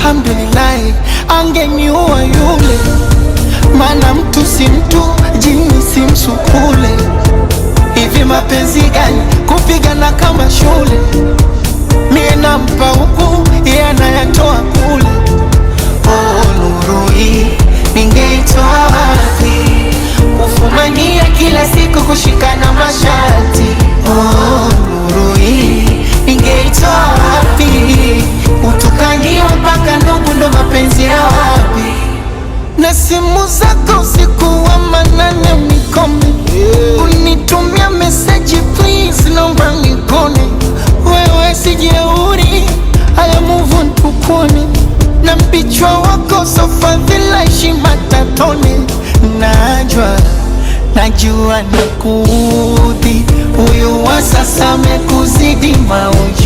alhamdulillahi, angeniua yule, maana mtu si mtu, jini si msukule. Hivi mapenzi gani kupigana kama shule? Mie nampa huku, yeye anayatoa kule. Oh, nuru hii ningeitoa wapi? Kufumania kila siku, kushikana mashati oh. siku zako siku wa manane unikome, unitumia message please, naomba nikone wewe, sijeuri haya move on tukone, na mpichwa wako sofadhila shima tatone, najwa najua nakuudhi, huyu wa sasa amekuzidi mauj